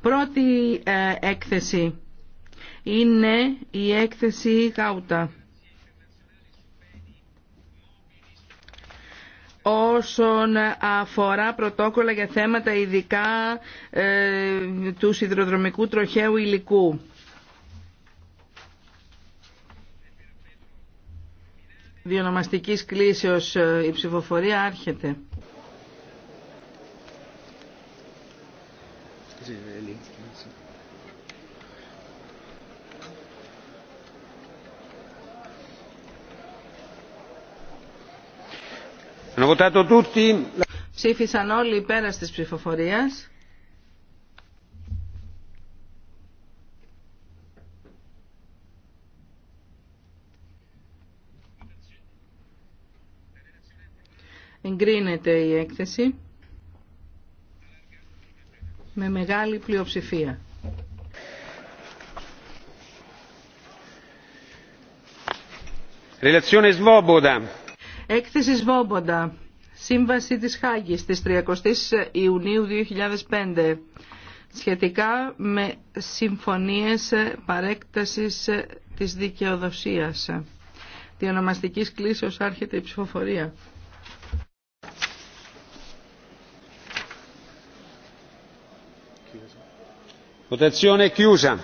Πρώτη ε, έκθεση είναι η έκθεση Γάουτα. όσον αφορά πρωτόκολλα για θέματα ειδικά ε, του σιδηροδρομικού τροχαίου υλικού. διονομαστικής κλήσεως ε, η ψηφοφορία άρχεται. Ψήφισαν όλοι πέρα της ψηφοφορίας. Εγκρίνεται η έκθεση με μεγάλη πλειοψηφία. Έκθεση Σβόμποντα. Σύμβαση της Χάγης της 30 Ιουνίου 2005 σχετικά με συμφωνίες παρέκτασης της δικαιοδοσίας. ονομαστική κλίσεως άρχεται η ψηφοφορία. Votazione chiusa.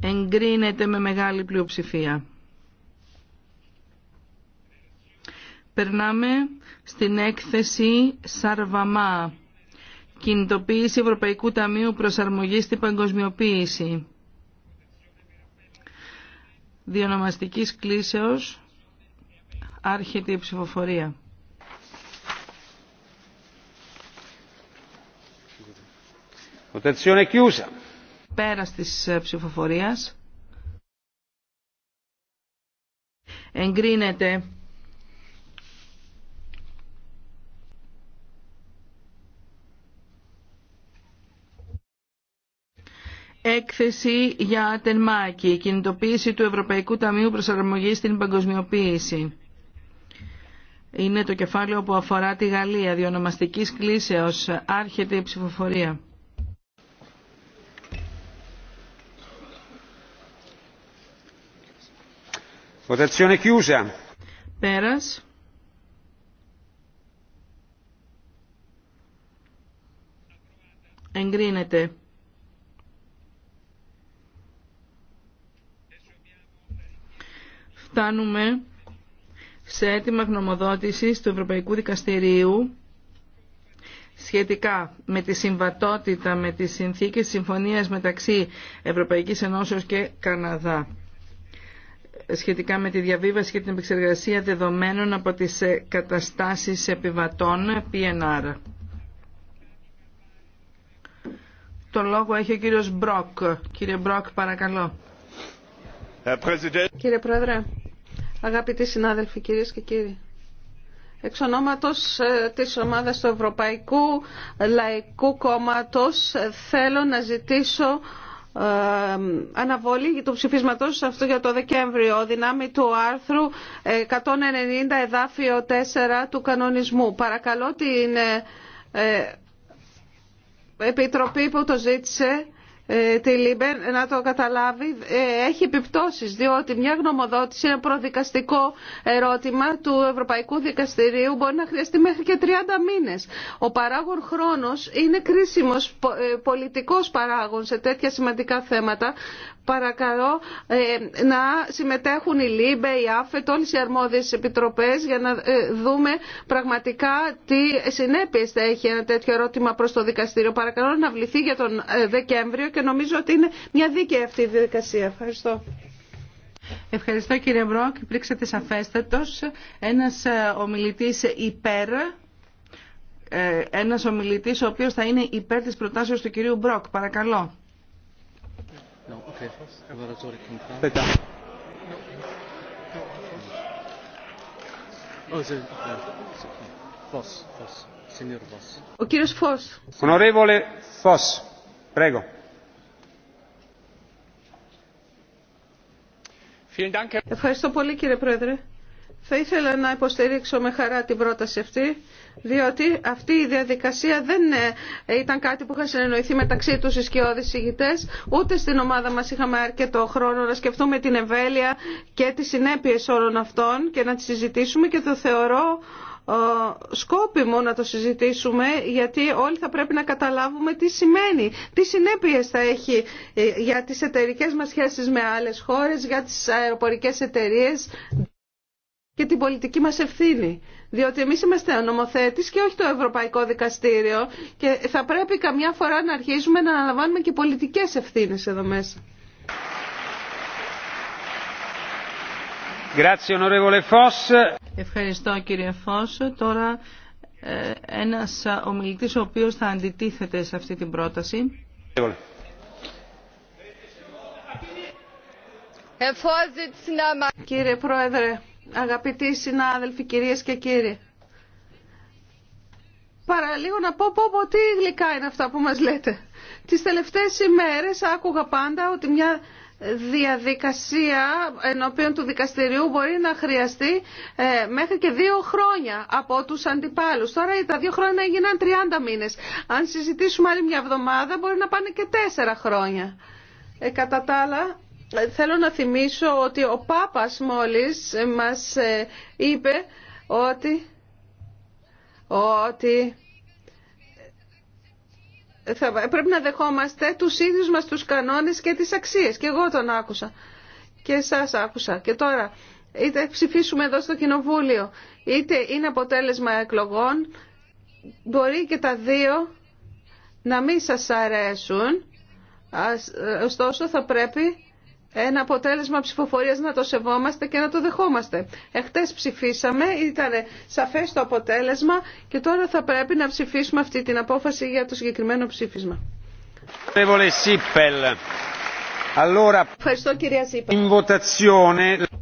Εγκρίνεται με μεγάλη πλειοψηφία. Περνάμε στην έκθεση Σαρβαμά. Κινητοποίηση Ευρωπαϊκού Ταμείου Προσαρμογής στην Παγκοσμιοποίηση. Διονομαστικής κλίσεως άρχεται η ψηφοφορία. Votazione Πέρα της ε, ψηφοφορίας. Εγκρίνεται. Έκθεση για τενμάκι, κινητοποίηση του Ευρωπαϊκού Ταμείου Προσαρμογής στην Παγκοσμιοποίηση. Είναι το κεφάλαιο που αφορά τη Γαλλία, διονομαστικής κλίσεως, άρχεται η ψηφοφορία. Votazione chiusa. Πέρας. Εγκρίνεται. Φτάνουμε σε αίτημα γνωμοδότησης του Ευρωπαϊκού Δικαστηρίου σχετικά με τη συμβατότητα με τις συνθήκες συμφωνίας μεταξύ Ευρωπαϊκής Ενώσεως και Καναδά σχετικά με τη διαβίβαση και την επεξεργασία δεδομένων από τις ε, καταστάσεις επιβατών PNR. Το λόγο έχει ο κύριος Μπροκ. Κύριε Μπροκ, παρακαλώ. Κύριε Πρόεδρε, αγαπητοί συνάδελφοι, κυρίες και κύριοι. Εξ ονόματος ε, της ομάδας του Ευρωπαϊκού Λαϊκού Κόμματος ε, θέλω να ζητήσω ε, αναβολή του ψηφίσματος αυτό για το Δεκέμβριο δυνάμει του άρθρου 190 ε, εδάφιο 4 του κανονισμού. Παρακαλώ την ε, Επιτροπή που το ζήτησε ε, τη ΛΥΜΠΕ να το καταλάβει ε, έχει επιπτώσεις διότι μια γνωμοδότηση, ένα προδικαστικό ερώτημα του Ευρωπαϊκού Δικαστηρίου μπορεί να χρειαστεί μέχρι και 30 μήνες. Ο παράγων χρόνος είναι κρίσιμος ε, πολιτικός παράγων σε τέτοια σημαντικά θέματα. Παρακαλώ να συμμετέχουν η ΛΥΜΠΕ, η ΑΦΕΤ, όλες οι αρμόδιες επιτροπές για να δούμε πραγματικά τι συνέπειες θα έχει ένα τέτοιο ερώτημα προς το δικαστήριο. Παρακαλώ να βληθεί για τον Δεκέμβριο και νομίζω ότι είναι μια δίκαιη αυτή η διαδικασία. Ευχαριστώ. Ευχαριστώ κύριε Μπρόκ. Υπήρξατε σαφέστατος. Ένας ε, ομιλητής υπέρ, ε, ένας ομιλητής ο οποίος θα είναι υπέρ της προτάσεως του κυρίου Μπρόκ. Παρακαλώ. Oh, ο κύριος Φως. Φως. Ευχαριστώ πολύ κύριε Πρόεδρε. Θα ήθελα να υποστηρίξω με χαρά την πρόταση αυτή, διότι αυτή η διαδικασία δεν ε, ήταν κάτι που είχαν συνεννοηθεί μεταξύ τους οι σκιώδη ηγητές, ούτε στην ομάδα μας είχαμε αρκετό χρόνο να σκεφτούμε την εμβέλεια και τις συνέπειες όλων αυτών και να τις συζητήσουμε και το θεωρώ ε, σκόπιμο να το συζητήσουμε γιατί όλοι θα πρέπει να καταλάβουμε τι σημαίνει, τι συνέπειες θα έχει ε, για τις εταιρικέ μας σχέσεις με άλλες χώρες, για τις αεροπορικές εταιρείες και την πολιτική μας ευθύνη. Διότι εμείς είμαστε ο νομοθέτης και όχι το Ευρωπαϊκό Δικαστήριο και θα πρέπει καμιά φορά να αρχίζουμε να αναλαμβάνουμε και πολιτικές ευθύνες εδώ μέσα. Ευχαριστώ κύριε Φως. Τώρα ε, ένας ομιλητής ο οποίος θα αντιτίθεται σε αυτή την πρόταση. Κύριε Πρόεδρε, αγαπητοί συνάδελφοι, κυρίες και κύριοι. Παραλίγο να πω, πω, πω, τι γλυκά είναι αυτά που μας λέτε. Τις τελευταίες ημέρες άκουγα πάντα ότι μια διαδικασία ενώπιον του δικαστηριού μπορεί να χρειαστεί ε, μέχρι και δύο χρόνια από τους αντιπάλους. Τώρα τα δύο χρόνια έγιναν 30 μήνες. Αν συζητήσουμε άλλη μια εβδομάδα μπορεί να πάνε και τέσσερα χρόνια. Ε, κατά τα άλλα, ε, θέλω να θυμίσω ότι ο Πάπας μόλις ε, μας είπε ότι... ότι πρέπει να δεχόμαστε τους ίδιους μας τους κανόνες και τις αξίες. Και εγώ τον άκουσα. Και εσάς άκουσα. Και τώρα, είτε ψηφίσουμε εδώ στο Κοινοβούλιο, είτε είναι αποτέλεσμα εκλογών, μπορεί και τα δύο να μην σας αρέσουν. Ε, ωστόσο, θα πρέπει ένα αποτέλεσμα ψηφοφορίας να το σεβόμαστε και να το δεχόμαστε. Εχθές ψηφίσαμε, ήταν σαφές το αποτέλεσμα και τώρα θα πρέπει να ψηφίσουμε αυτή την απόφαση για το συγκεκριμένο ψήφισμα. Ευχαριστώ κυρία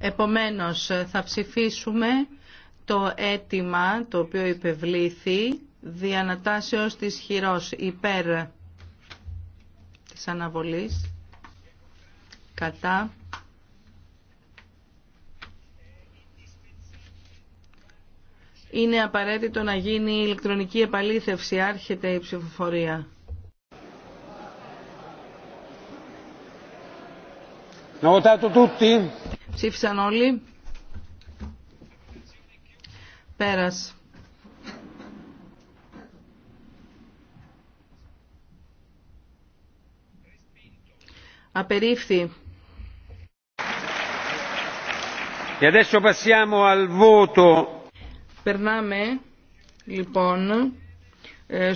Επομένως θα ψηφίσουμε το αίτημα το οποίο υπευλήθη διανατάσεως της χειρός υπέρ της αναβολής κατά είναι απαραίτητο να γίνει η ηλεκτρονική επαλήθευση. Άρχεται η ψηφοφορία. Ψήφισαν όλοι. Πέρας. Απερίφθη. E Περνάμε λοιπόν ε,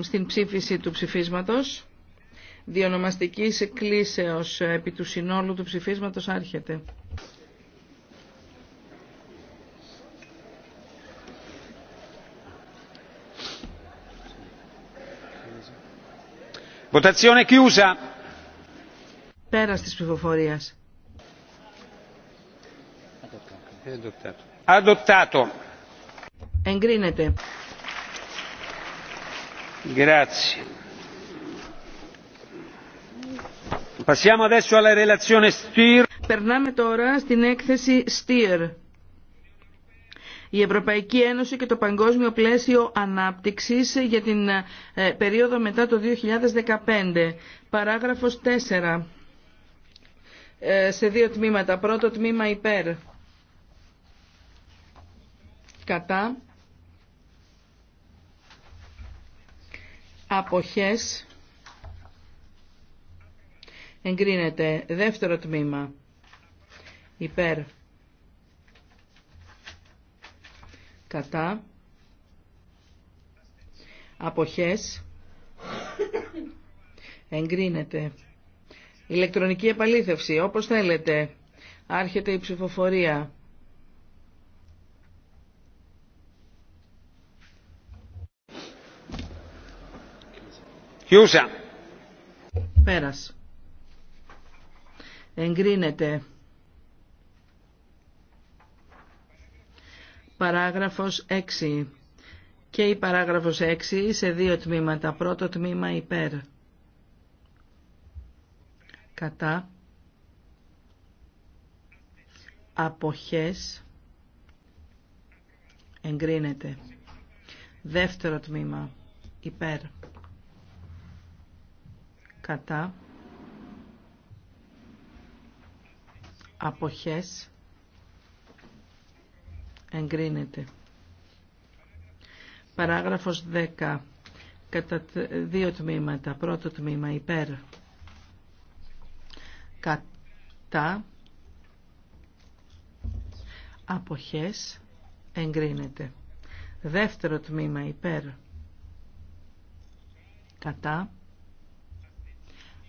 στην ψήφιση του ψηφίσματος. Διονομαστικής κλίσεως επί του συνόλου του ψηφίσματος άρχεται. Votazione chiusa. Πέρας της ψηφοφορίας. Περνάμε τώρα στην έκθεση STEER. Η Ευρωπαϊκή Ένωση και το Παγκόσμιο Πλαίσιο Ανάπτυξης για την ε, περίοδο μετά το 2015. Παράγραφος 4. Ε, σε δύο τμήματα. Πρώτο τμήμα υπέρ κατά αποχές εγκρίνεται δεύτερο τμήμα υπέρ κατά αποχές εγκρίνεται ηλεκτρονική επαλήθευση όπως θέλετε άρχεται η ψηφοφορία Πέρας. Εγκρίνεται. Παράγραφος 6. Και η παράγραφος 6 σε δύο τμήματα. Πρώτο τμήμα υπέρ. Κατά. Αποχές. Εγκρίνεται. Δεύτερο τμήμα. Υπέρ κατά αποχές εγκρίνεται. Παράγραφος 10. Κατά δύο τμήματα. Πρώτο τμήμα υπέρ. Κατά αποχές εγκρίνεται. Δεύτερο τμήμα υπέρ. Κατά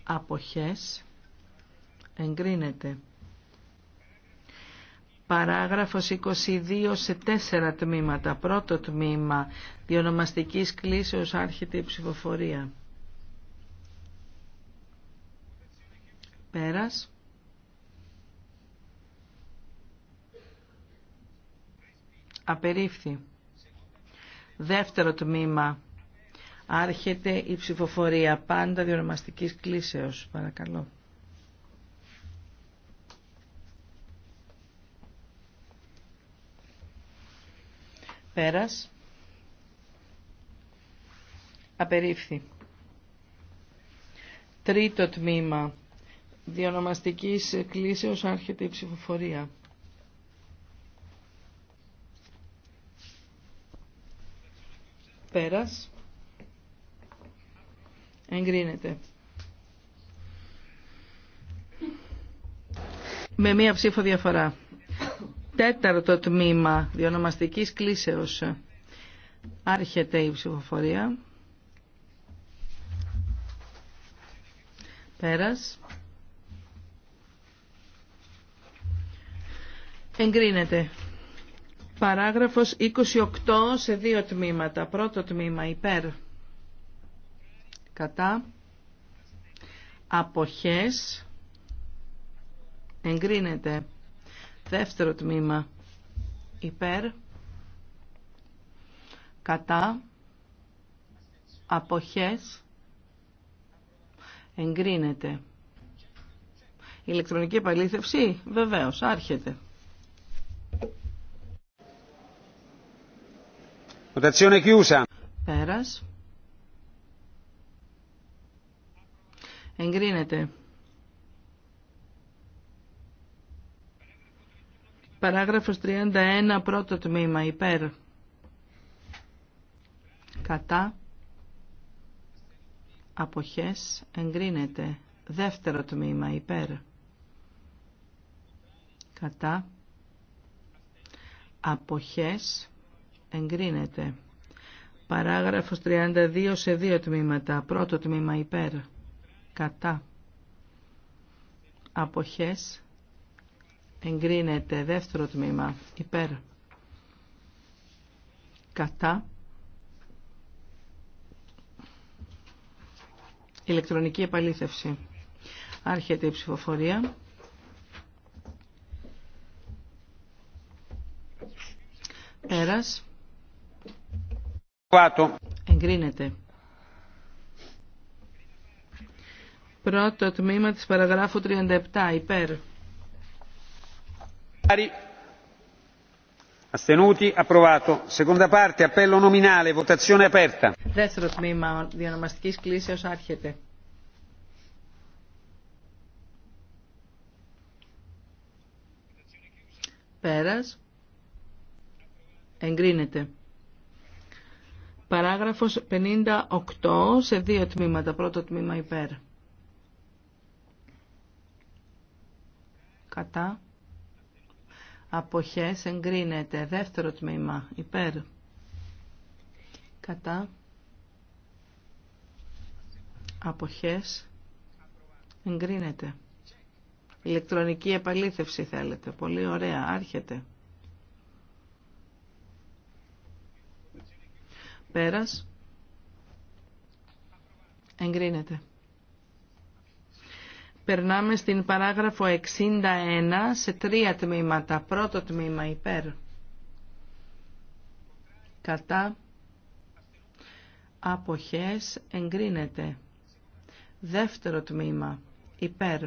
αποχές εγκρίνεται. Παράγραφος 22 σε τέσσερα τμήματα. Πρώτο τμήμα διονομαστικής κλίσεως άρχεται η ψηφοφορία. Πέρας. Απερίφθη. Δεύτερο τμήμα Άρχεται η ψηφοφορία πάντα διονομαστικής κλίσεως. Παρακαλώ. Πέρας. Απερίφθη. Τρίτο τμήμα. Διονομαστικής κλίσεως άρχεται η ψηφοφορία. Πέρας. Εγκρίνεται. Με μία ψήφο διαφορά. Τέταρτο τμήμα διονομαστικής κλίσεως. Άρχεται η ψηφοφορία. Πέρας. Εγκρίνεται. Παράγραφος 28 σε δύο τμήματα. Πρώτο τμήμα υπέρ κατά αποχές εγκρίνεται δεύτερο τμήμα υπέρ κατά αποχές εγκρίνεται η ηλεκτρονική επαλήθευση βεβαίως άρχεται Votazione Πέρας. Εγκρίνεται. Παράγραφος 31, πρώτο τμήμα, υπέρ. Κατά. Αποχές, εγκρίνεται. Δεύτερο τμήμα, υπέρ. Κατά. Αποχές, εγκρίνεται. Παράγραφος 32 σε δύο τμήματα. Πρώτο τμήμα υπέρ κατά αποχές εγκρίνεται δεύτερο τμήμα υπέρ κατά ηλεκτρονική επαλήθευση άρχεται η ψηφοφορία πέρας εγκρίνεται Πρώτο τμήμα της παραγράφου 37. Υπέρ. Approvato. Seconda parte. Δεύτερο τμήμα διανομαστικής κλήσεως άρχεται. Πέρας. Εγκρίνεται. Παράγραφος 58 σε δύο τμήματα. Πρώτο τμήμα υπέρ. κατά αποχές εγκρίνεται δεύτερο τμήμα υπέρ κατά αποχές εγκρίνεται ηλεκτρονική επαλήθευση θέλετε πολύ ωραία άρχεται πέρας εγκρίνεται Περνάμε στην παράγραφο 61 σε τρία τμήματα. Πρώτο τμήμα υπέρ. Κατά. Αποχές εγκρίνεται. Δεύτερο τμήμα υπέρ.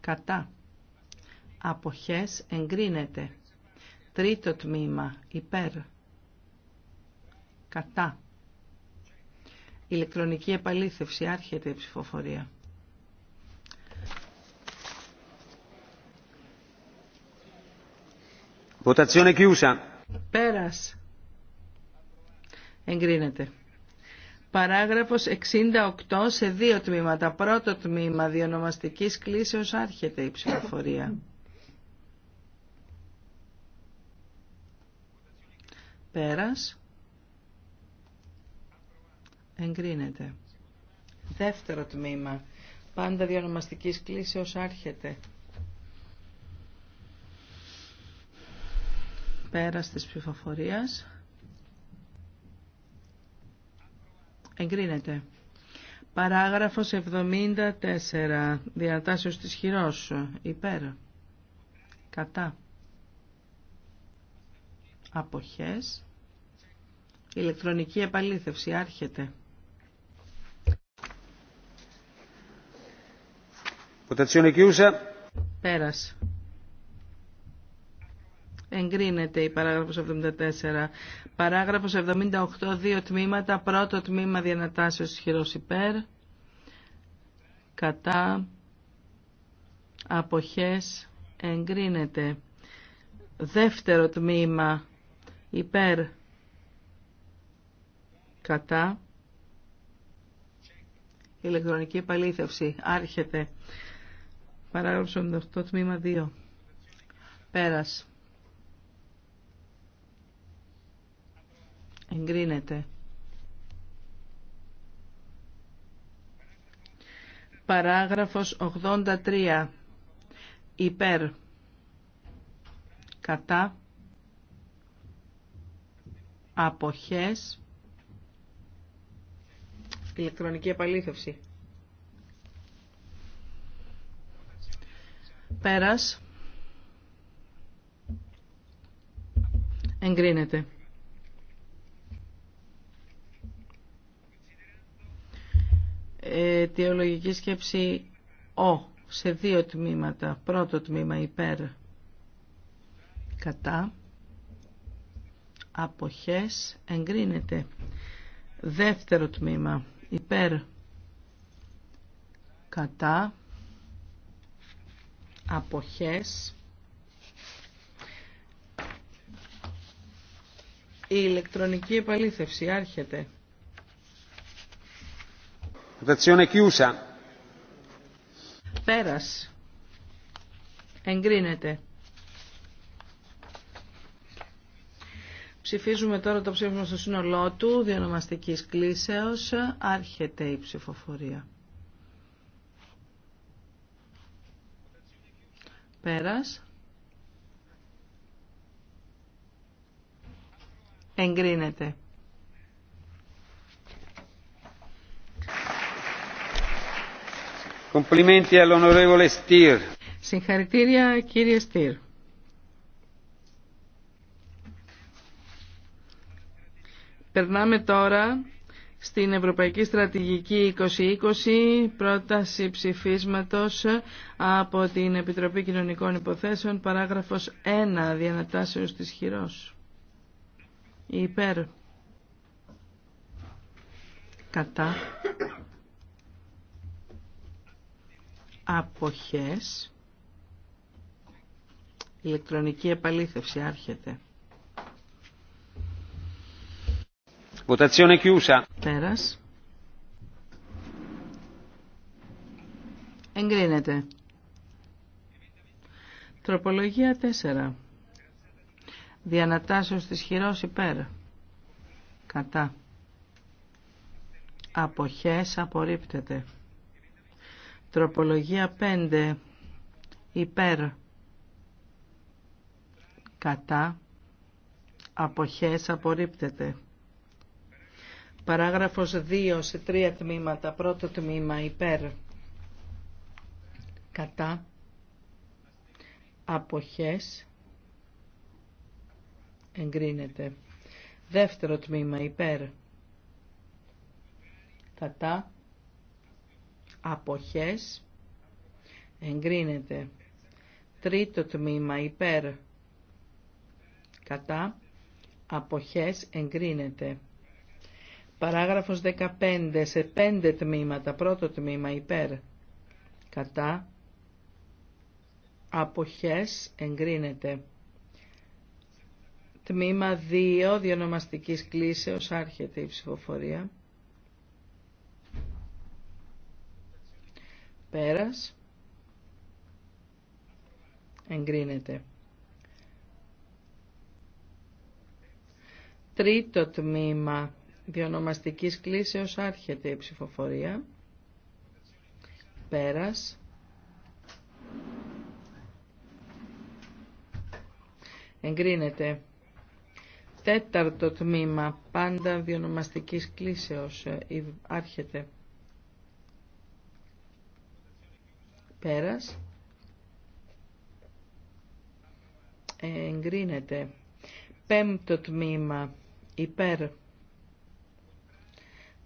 Κατά. Αποχές εγκρίνεται. Τρίτο τμήμα υπέρ. Κατά. Ηλεκτρονική επαλήθευση άρχεται η ψηφοφορία. Votazione chiusa. Πέρας. Εγκρίνεται. Παράγραφος 68 σε δύο τμήματα. Πρώτο τμήμα διονομαστικής κλίσεω άρχεται η ψηφοφορία. Πέρας. Εγκρίνεται. Δεύτερο τμήμα. Πάντα διονομαστικής κλίσεω άρχεται. Πέρας της ψηφοφορίας. Εγκρίνεται. Παράγραφος 74. διατάσεις της χειρός. Υπέρ. Κατά. Αποχές. Ηλεκτρονική επαλήθευση. Άρχεται. Ποτατσιόνι Πέρας. Εγκρίνεται η παράγραφος 74. Παράγραφος 78, δύο τμήματα. Πρώτο τμήμα διανατάσεως ισχυρός υπέρ. Κατά. Αποχές. Εγκρίνεται. Δεύτερο τμήμα υπέρ. Κατά. Ηλεκτρονική επαλήθευση. Άρχεται. Παράγραφος 78, τμήμα 2. Πέρας. Εγκρίνεται. Παράγραφος 83. Υπέρ. Κατά. Αποχές. Ηλεκτρονική επαλήθευση. Πέρας. Εγκρίνεται. αιτιολογική σκέψη ο σε δύο τμήματα. Πρώτο τμήμα υπέρ κατά αποχές εγκρίνεται. Δεύτερο τμήμα υπέρ κατά αποχές η ηλεκτρονική επαλήθευση άρχεται. Πέρας. Εγκρίνεται. Ψηφίζουμε τώρα το ψήφισμα στο σύνολό του, διονομαστικής κλίσεως. Άρχεται η ψηφοφορία. Πέρας. Εγκρίνεται. Συγχαρητήρια κύριε Στυρ. Περνάμε τώρα στην Ευρωπαϊκή Στρατηγική 2020, πρόταση ψηφίσματος από την Επιτροπή Κοινωνικών Υποθέσεων, παράγραφος 1, διανατάσεως της χειρός. Υπέρ. Κατά αποχές ηλεκτρονική επαλήθευση άρχεται Votazione chiusa. Πέρας. Εγκρίνεται. Τροπολογία 4. Διανατάσσεως της χειρός υπέρ. Κατά. Αποχές απορρίπτεται. Τροπολογία 5. Υπέρ. Κατά. Αποχές απορρίπτεται. Παράγραφος 2 σε τρία τμήματα. Πρώτο τμήμα υπέρ. Κατά. Αποχές. Εγκρίνεται. Δεύτερο τμήμα υπέρ. Κατά αποχές εγκρίνεται. Τρίτο τμήμα υπέρ κατά αποχές εγκρίνεται. Παράγραφος 15 σε πέντε τμήματα. Πρώτο τμήμα υπέρ κατά αποχές εγκρίνεται. Τμήμα 2 διονομαστικής κλίσεως άρχεται η ψηφοφορία. Πέρας. Εγκρίνεται. Τρίτο τμήμα διονομαστικής κλίσεως άρχεται η ψηφοφορία. Πέρας. Εγκρίνεται. Τέταρτο τμήμα πάντα διονομαστικής κλίσεως ε, άρχεται. Πέρας. Εγκρίνεται. Πέμπτο τμήμα. Υπέρ.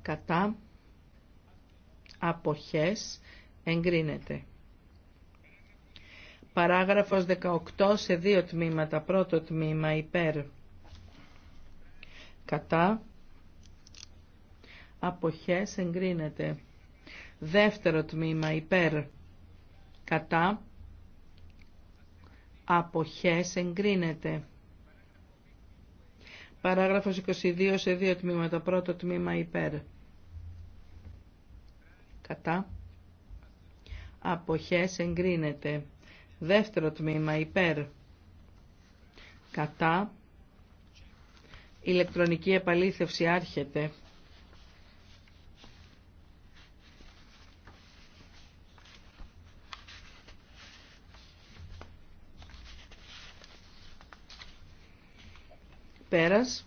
Κατά. Αποχές. Εγκρίνεται. Παράγραφος 18 σε δύο τμήματα. Πρώτο τμήμα υπέρ. Κατά. Αποχές εγκρίνεται. Δεύτερο τμήμα υπέρ κατά αποχές εγκρίνεται. Παράγραφος 22 σε δύο τμήματα. Πρώτο τμήμα υπέρ. Κατά. Αποχές εγκρίνεται. Δεύτερο τμήμα υπέρ. Κατά. Ηλεκτρονική επαλήθευση άρχεται. Πέρας.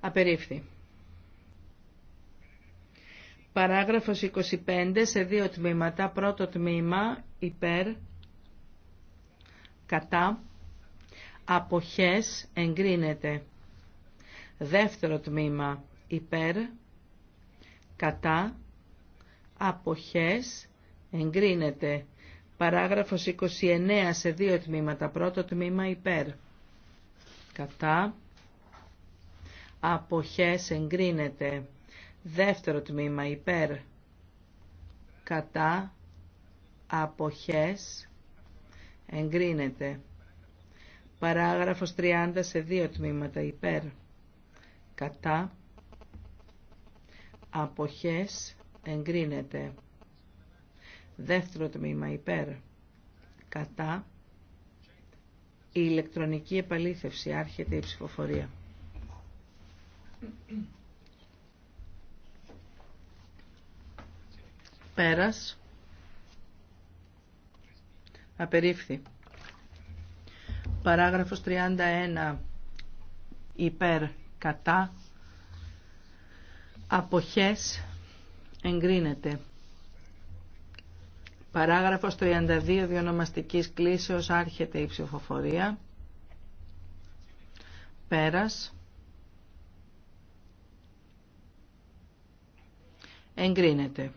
Απερίφθη. Παράγραφος 25 σε δύο τμήματα. Πρώτο τμήμα υπέρ, κατά, αποχές εγκρίνεται. Δεύτερο τμήμα υπέρ, κατά, αποχές εγκρίνεται. Παράγραφος 29 σε δύο τμήματα. Πρώτο τμήμα υπέρ. Κατά. Αποχές εγκρίνεται. Δεύτερο τμήμα υπέρ. Κατά. Αποχές εγκρίνεται. Παράγραφος 30 σε δύο τμήματα υπέρ. Κατά. Αποχές εγκρίνεται. Δεύτερο τμήμα υπέρ. Κατά. Η ηλεκτρονική επαλήθευση. Άρχεται η ψηφοφορία. Πέρας. Απερίφθη. Παράγραφος 31. Υπέρ. Κατά. Αποχές. Εγκρίνεται. Παράγραφος 32 διονομαστικής κλίσεως άρχεται η ψηφοφορία. Πέρας. Εγκρίνεται.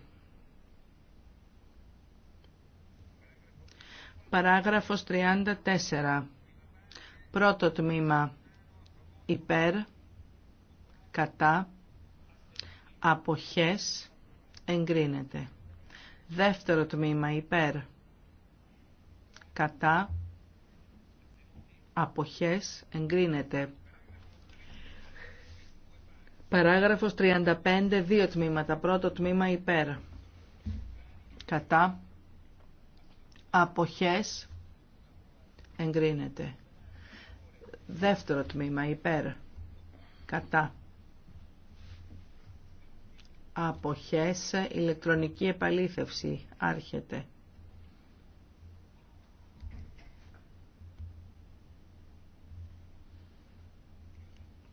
Παράγραφος 34. Πρώτο τμήμα. Υπέρ. Κατά. Αποχές. Εγκρίνεται. Δεύτερο τμήμα υπέρ. Κατά. Αποχές εγκρίνεται. Παράγραφος 35, δύο τμήματα. Πρώτο τμήμα υπέρ. Κατά. Αποχές εγκρίνεται. Δεύτερο τμήμα υπέρ. Κατά αποχές ηλεκτρονική επαλήθευση άρχεται.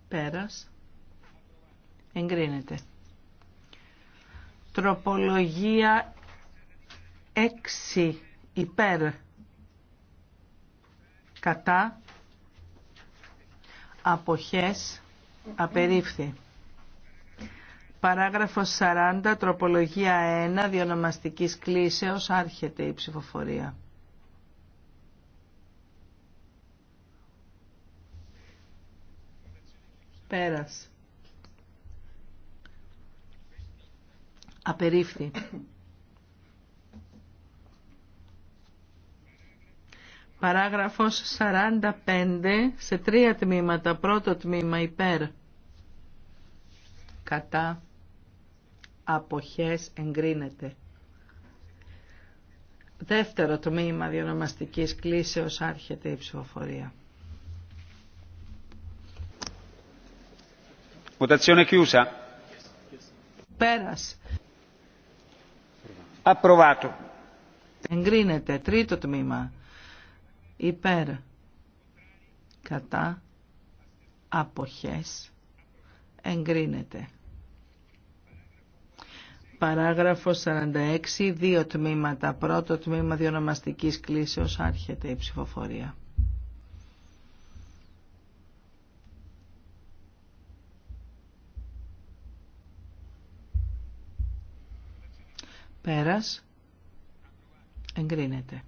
Πέρας. Εγκρίνεται. Τροπολογία 6 υπέρ κατά αποχές απερίφθη. Παράγραφος 40, τροπολογία 1, διονομαστικής κλίσεως, άρχεται η ψηφοφορία. Πέρας. Απερίφθη. Παράγραφος 45 σε τρία τμήματα. Πρώτο τμήμα υπέρ. Κατά αποχές εγκρίνεται. Δεύτερο τμήμα διονομαστικής κλίσεως άρχεται η ψηφοφορία. Votazione chiusa. Πέρας. Approvato. Εγκρίνεται. Τρίτο τμήμα. Υπέρ. Κατά. Αποχές. Εγκρίνεται. Παράγραφο 46, δύο τμήματα. Πρώτο τμήμα διονομαστικής κλίσεως άρχεται η ψηφοφορία. Πέρας. Εγκρίνεται.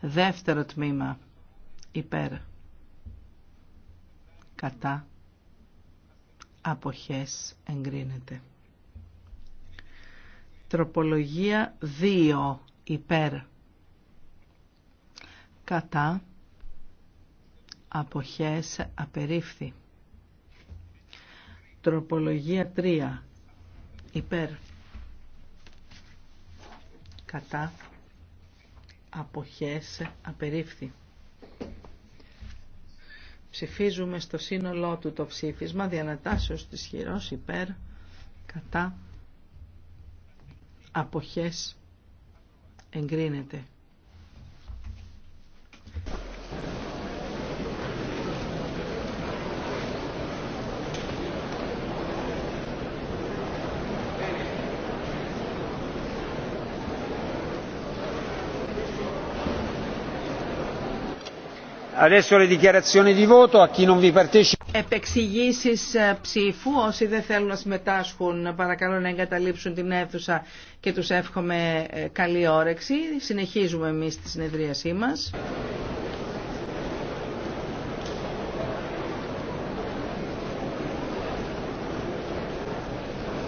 Δεύτερο τμήμα. Υπέρ. Κατά. Αποχές εγκρίνεται. Τροπολογία 2 υπέρ κατά αποχές απερίφθη. Τροπολογία 3 υπέρ κατά αποχές απερίφθη. Ψηφίζουμε στο σύνολό του το ψήφισμα διανατάσεως της χειρός υπέρ κατά αποχές εγκρίνεται. Adesso le dichiarazioni di voto a chi non vi partecipa επεξηγήσεις ε, ψήφου. Όσοι δεν θέλουν να συμμετάσχουν, παρακαλώ να εγκαταλείψουν την αίθουσα και τους εύχομαι ε, καλή όρεξη. Συνεχίζουμε εμείς τη συνεδρίασή μας.